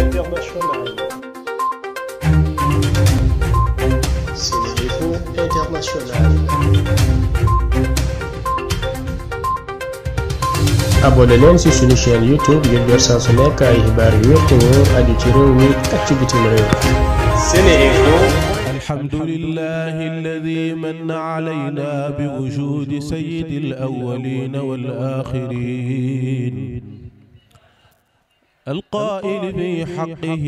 internationale. Sénéinfo International. abonné leen ci suñu chaîne YouTube ngir jot saa su nekk ay xibaar yu wér te wóor aju ci réew mi ak ci bitim réew. Sénéinfo. alhamdulillahi alladi manna alayna bi wujudi sayyidil awwalina wal axirin القائل في حقه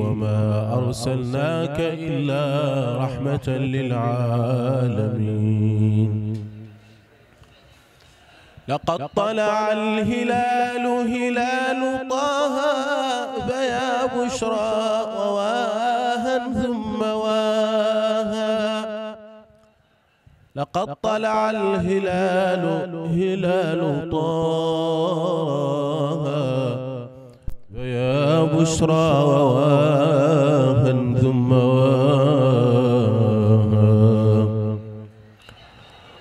وما أرسلناك إلا رحمة للعالمين لقد طلع الهلال هلال طه فيا بشرى وواها ثم واها لقد طلع الهلال هلال طه وبشرى وواها ثم واها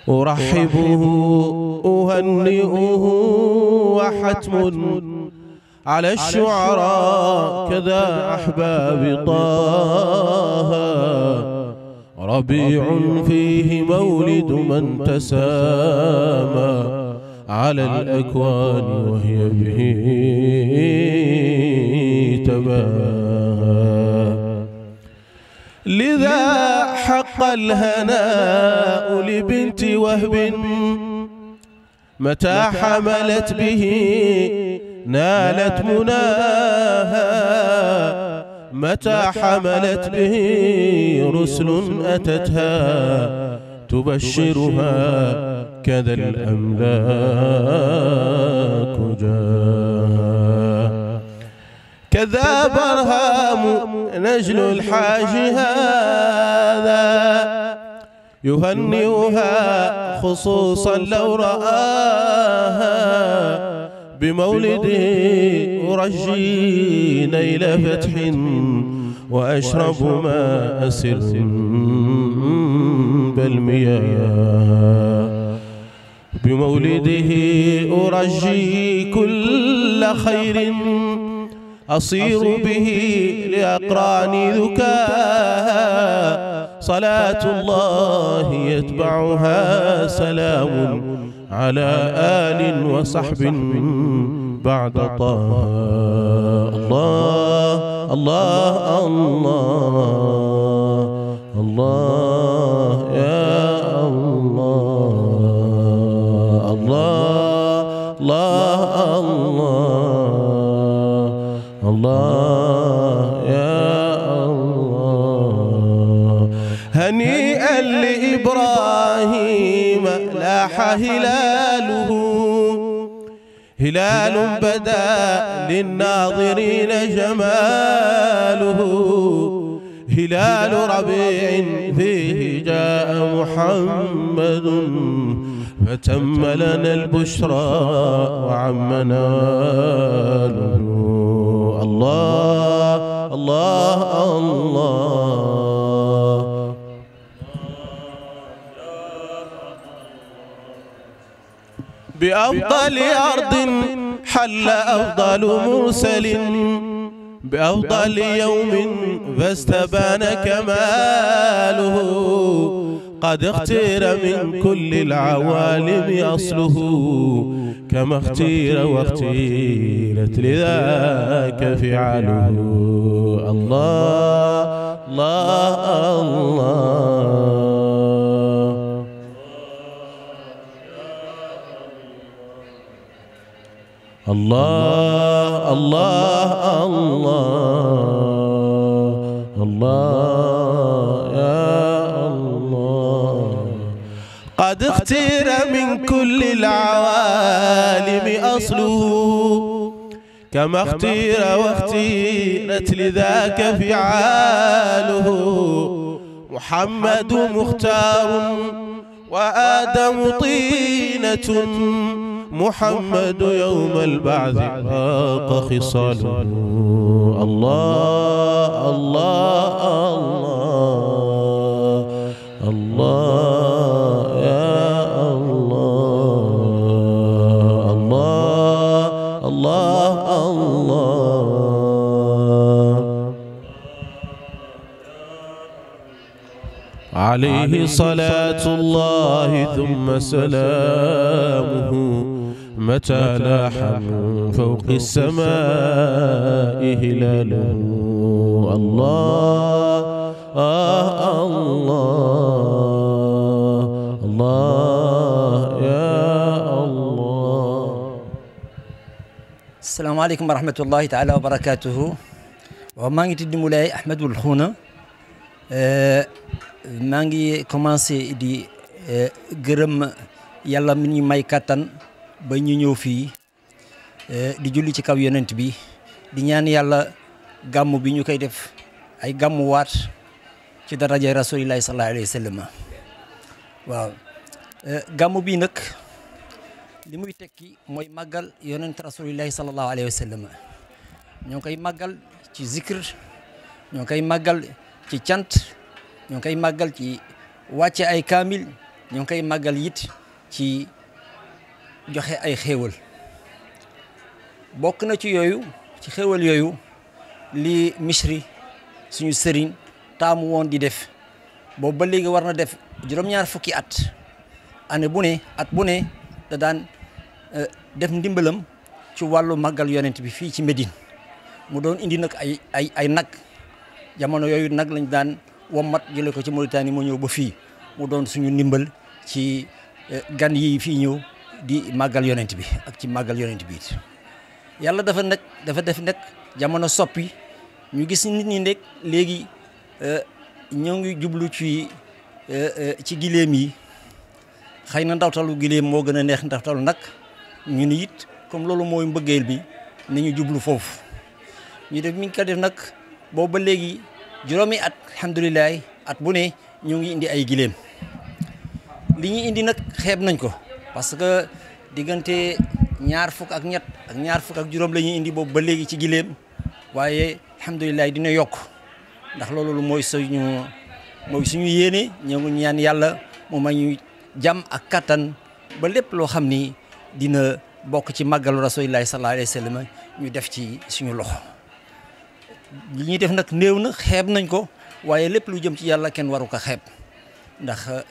أرحبه أهنئه وحتم على الشعراء كذا أحباب طه ربيع فيه مولد من تسامى على الأكوان وهي به تباهى لذا حق الهناء لبنت وهب متى حملت به نالت مناها متى حملت به رسل أتتها تبشرها كذا الأملاك جاها كذا برهام نجل الحاج هذا يهنئها خصوصا لو رآها بمولده أرجين إلى فتح وأشرب ما أسر ذنب المياه بمولده أرجي كل خير أصير به لأقراني ذكاها صلاة الله يتبعها سلام على آل وصحب بعد طه الله الله الله الله الله يا الله هنيئا لإبراهيم لاح هلاله هلال بدا للناظرين جماله هلال ربيع فيه جاء محمد فتم لنا البشرى وعمنا الهدوء الله الله الله بأفضل أرض حل أفضل مرسل بأفضل يوم فاستبان كماله قد اختير من كل العوالم أصله كما اختير واختيرت لذاك فعاله الله الله الله الله الله الله الله قد اختير من كل العوالم أصله كما اختير واختيرت لذاك فعاله محمد مختار وآدم طينة محمد يوم البعث راق خصاله الله الله عليه صلاة الله ثم سلامه متى لاح من فوق السماء هلاله الله آه الله الله يا الله السلام عليكم ورحمة الله تعالى وبركاته وما نتدم مولاي أحمد والخونة maa ngi commencé di e, gërëm yàlla mi ñu may kàttan ba ñu ñëw fii e, di julli ci kaw yonent bi di ñaan yàlla gàmm bi ñu koy def ay gàmmu waat ci daraja rasulillahi sallallahu alayhi waaw e, gàmm bi nag li muy tekki mooy màggal yonent rasulillahi sallallahu alayhi wa sallam ñoo koy màggal ci zikr ñoo koy màggal ci cant ñu ngi koy màggal ci wàcce ay kaamil ñu ngi koy màggal it ci joxe ay xéewal bokk na ci yooyu ci xéewal yooyu li misri suñu sëriñ taamu woon di def boobu ba léegi war na def juróom-ñaar fukki at année bu ne at bu ne daan euh, def ndimbalam ci wàllu màggal yonent bi fii ci Médine mu doon indi nag ay ay ay nag jamono yooyu nag lañ daan wommat jële ko ci Mauritanie moo ñëw ba fii mu doon suñu ndimbal ci eh, gan yi fii ñëw di màggal yonent bi ak ci màggal yonent bi it yàlla dafa nekk dafa def nekk jamono soppi ñu gis nit ñi nekk léegi eh, ñoo ngi jublu ci eh, ci giléem yi xëy na ndawtalu giléem moo gën a neex ndawtalu nag ñu ni it comme loolu mooy mbëggeel bi nañu jublu foofu ñu def mi ko def nag boobu ba léegi juróomi at alhamdulilah at bu ne ñu ngi indi ay giléem li ñu indi nag xeeb nañ ko parce que diggante ñaar fukk ak ñett ak ñaar fukk ak juróom la indi boobu ba léegi ci giléem waaye alhamdulilah dina yokk ndax loolu mooy ñu mooy suñu yéene ñu ñaan yàlla mu ma ñu jàmm ak kattan ba lépp loo xam ni dina bokk ci màggalu rasulillahi sallallahu alayhi wa sallam ñu def ci suñu loxo li ñuy def nag néew na xeeb nañ ko waaye lépp lu jëm ci yàlla kenn waru ko xeeb ndax eh,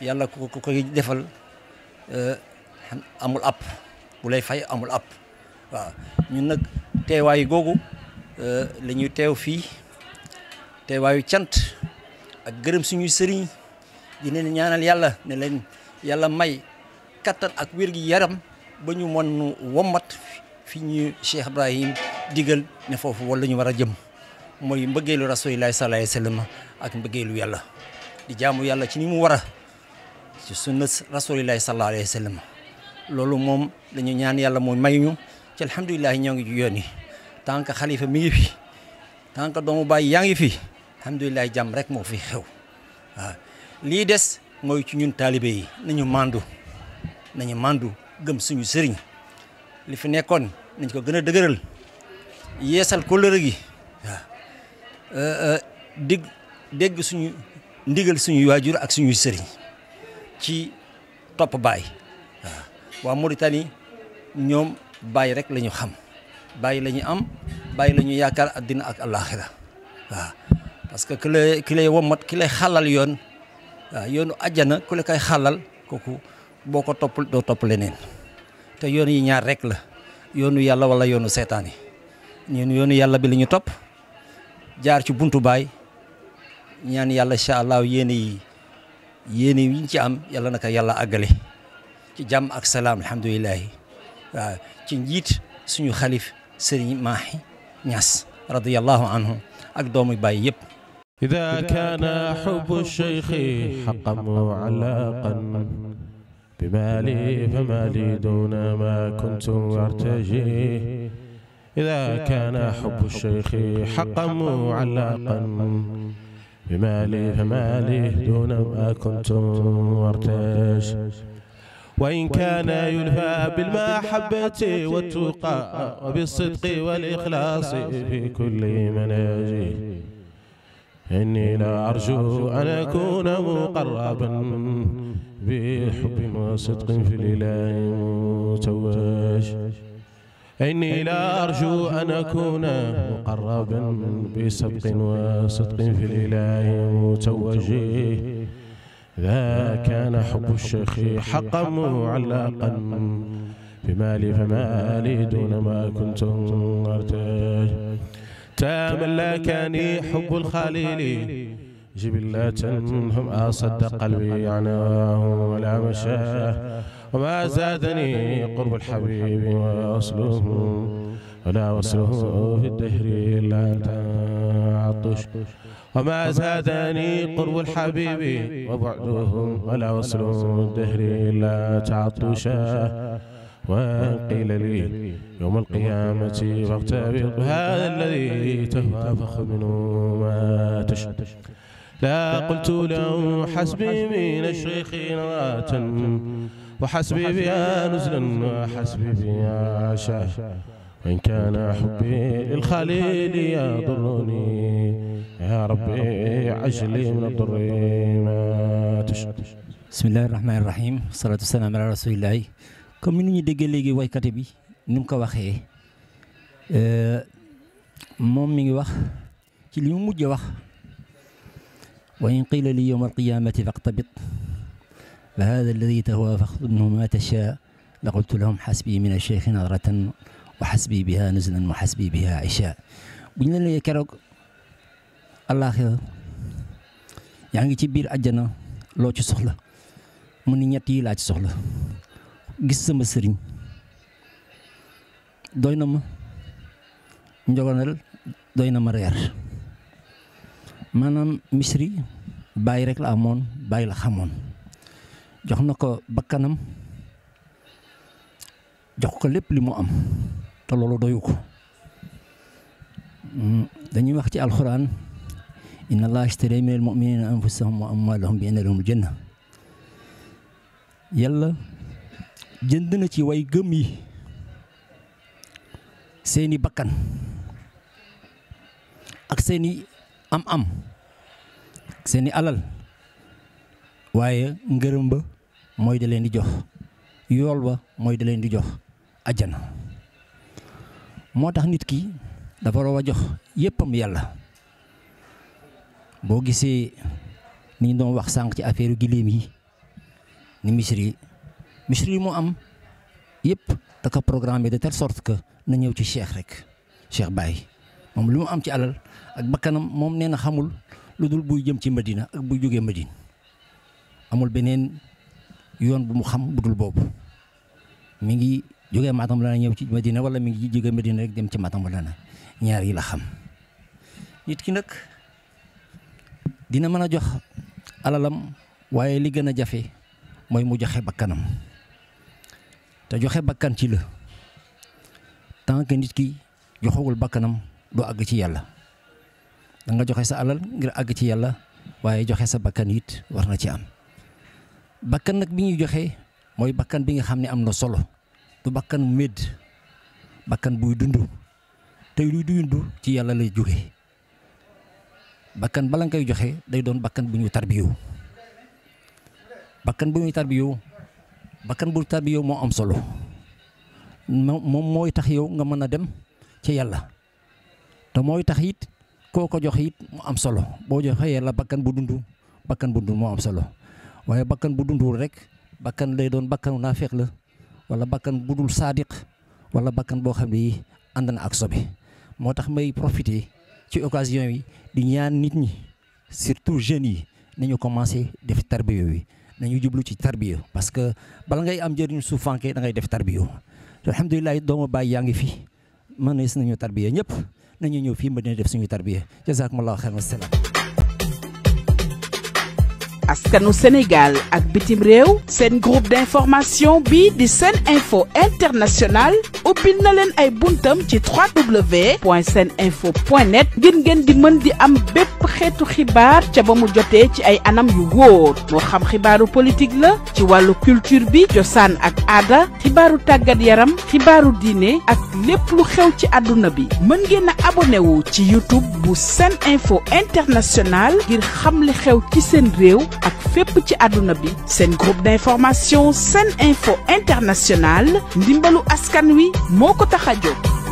yàlla ku ko koy defal eh, amul app bu lay fay amul app waaw ñun nag teewaayu googu eh, la ñuy teew fii teewaayu cant ak gërëm suñuy sëriñ di leen ñaanal yàlla ne leen yàlla may kattan ak wér gi yaram ba ñu mën womat fi ñu Cheikh Ibrahim digal ne foofu wala ñu war a jëm mooy mbëggeelu rasulillahi sallallahu alayhi wasallam ak mbëggeelu yàlla di jaamu yàlla ci ni mu war a ci sunna rasulillahi sallallahu alayhi wasallam loolu moom dañu ñaan yàlla mooy mayuñu ci alhamdulilahi ñoo ngi ju yoon yi tant que xalifa mi ngi fi tant que doomu bàyyi yaa ngi fi alhamdulilahi jàmm rek moo fi xew waaw lii des mooy ci ñun taalibe yi nañu mandu nañu mandu gëm suñu sëriñ li fi nekkoon nañ ko gën a dëgëral yeesal kóllëre gi Euh, euh, dig dégg suñu ndigal suñuy waajur ak suñuy sëriñ ci topp baay waaw waa Mauritanie ñoom bàyyi rek la ñu xam bàyyi la ñu am bàyyi la ñu yaakaar àddina ak àllaaxira waaw parce que ki lay ki lay womat ki lay yoon waaw yoonu àjjana ku la koy xalal kooku boo ko topp doo topp leneen te yoon yi ñaar rek la yoonu yàlla walla yoonu seetaan yi ñun yoonu yàlla bi la topp. jaar ci buntu baay ñaan yàlla incha allah yéene yi yéene yi ñu ci am yàlla naka yàlla àggale ci jàmm ak salaam alhamdulilah waaw ci njiit suñu xalif sëriñ Mahi Niass radiyallahu anhu ak doomu baay yëpp. إذا كان حب الشيخ حقا ومعلقا بمالي فما لي دون ما كنت أرتجيه إذا كان حب الشيخ حقا معلقا بمالي فمالي دون ما كنتم وارتاش وإن كان يلفى بالمحبة والتقى وبالصدق والإخلاص في كل مناجي إني لا أرجو أن أكون مقربا بحب وصدق في الإله متواش إني لا أرجو أن أكون مقربا بسبق وصدق في الإله متوجه ذا كان حب الشيخ حقا معلقا بمالي فمالي دون ما كنت أرتاج تملكني حب الخليل جبلة هم أصد قلبي عناه ولا مشاه وما زادني قرب الحبيب وأصله ولا وصله في الدهر إلا تعطش وما زادني قرب الحبيب وبعده ولا وصله في الدهر إلا تعطشا وقيل لي يوم القيامة فاختبر هذا الذي تهوى فخذ منه ما تشاء لا قلت له حسبي من الشيخين راتا وحسبي بها نزلا وحسبي بها عشا وإن كان حبي للخليل يضرني يا ربي عجلي من الضر ما تشاء بسم الله الرحمن الرحيم والصلاة والسلام على رسول الله comme ni ñu déggee léegi waykat bi ni mu ko waxee moom mi ngi wax ci li mu mujj wax وإن قيل لي يوم القيامة فاقتبط فهذا الذي تهوى فاخذ منه ما تشاء لقلت لهم حسبي من الشيخ نظرة وحسبي بها نزلا وحسبي بها عشاء bu ñu la keroog àllaaxira yaa ngi ci biir àjjana loo ci soxla mu ni ñett yi laa ci soxla gis sama sëriñ doy na ma njogonal doy na ma reer maanaam Misri bàyyi rek la amoon bàyyi la xamoon jox na ko bakkanam jox ko lépp li mu am te doyu ko mm, dañuy wax ci alxuraan inna allaha ashtara am mu'minina anfusahum wa amwalahum bi anna lahumul janna yàlla jënd na ci way gëm yi seeni bakkan ak seeni am-am seeni alal waaye ngërëm ba mooy da leen di jox yool ba mooy da leen di jox ajjana moo tax nit ki dafa war a jox yéppam yàlla boo gisee ni ñu doon wax sànq ci affaire giléem yi ni misri misri yi mu am yépp da ko programmé de telle sorte que na ñëw ci cheikh rek cheikh Baye moom lu mu am ci alal ak bakkanam moom nee na xamul lu dul buy jëm ci Madina ak buy jógee Madina amul beneen yoon bu mu xam bu dul boobu mi ngi jógee Matam la na ñëw ci Madina wala mi ngi jógee Madina rek dem ci Matam wala na ñaar yi la xam nit ki nag dina mën a jox alalam waaye li gën a jafe mooy mu joxe bakkanam te joxe bakkan ci la tant que nit ki joxewul bakkanam doo àgg ci yàlla danga joxe sa alal ngir àgg ci yàlla waaye joxe sa bakkan yit war na ci am bakkan nag bi ñuy joxe mooy bakkan bi nga xam ni am na solo du bakkan médd bakkan buy dund tey luy dund ci yàlla lay jóge bakkan bala nga koy joxe day doon bakkan bu ñu tarbiyu bakkan bu ñuy tarbiyu bakkan bu tarbiyu moo am solo moom mooy tax yow nga mën a dem ci yàlla te mooy tax it koo ko jox it mu am solo boo joxee yàlla bakkan bu dundu bakkan bu dund moo am solo waaye bakkan bu dunduwul rek bakkan lay doon bakkan naa feex la wala bakkan bu dul saadiq wala bakkan boo xam ne ànd na ak sobe moo tax may profiter ci occasion yi di ñaan nit ñi surtout jeunes yi nañu commencé def tarbiya yi na nañu jublu ci tarbiya parce que bala ngay am njëriñu su fànkee da ngay def tarbiya alhamdulilah doomu baay yaa ngi fi mënees nañu tarbiya ñëpp. nañu ñëw fii Madina def suñu tarbiya jazakumullahu xeyran wasalaam askanu Sénégal ak bitim réew seen groupe d'information bi di seen info international ubbil na leen ay buntam ci seen www.seninfo.net ngir ngeen di mën di am bépp xeetu xibaar ca ba mu jotee ci ay anam yu wóor moo xam xibaaru politique la ci wàllu culture bi cosaan ak aada xibaaru tàggat yaram xibaaru diine ak lépp lu xew ci àdduna bi mën ngeen a abonné wu ci YouTube bu Sene Info International ngir xam li xew ci seen réew ak fépp ci àdduna bi seen groupe d'information Sene Info International ndimbalu askan wi moo ko tax a jóg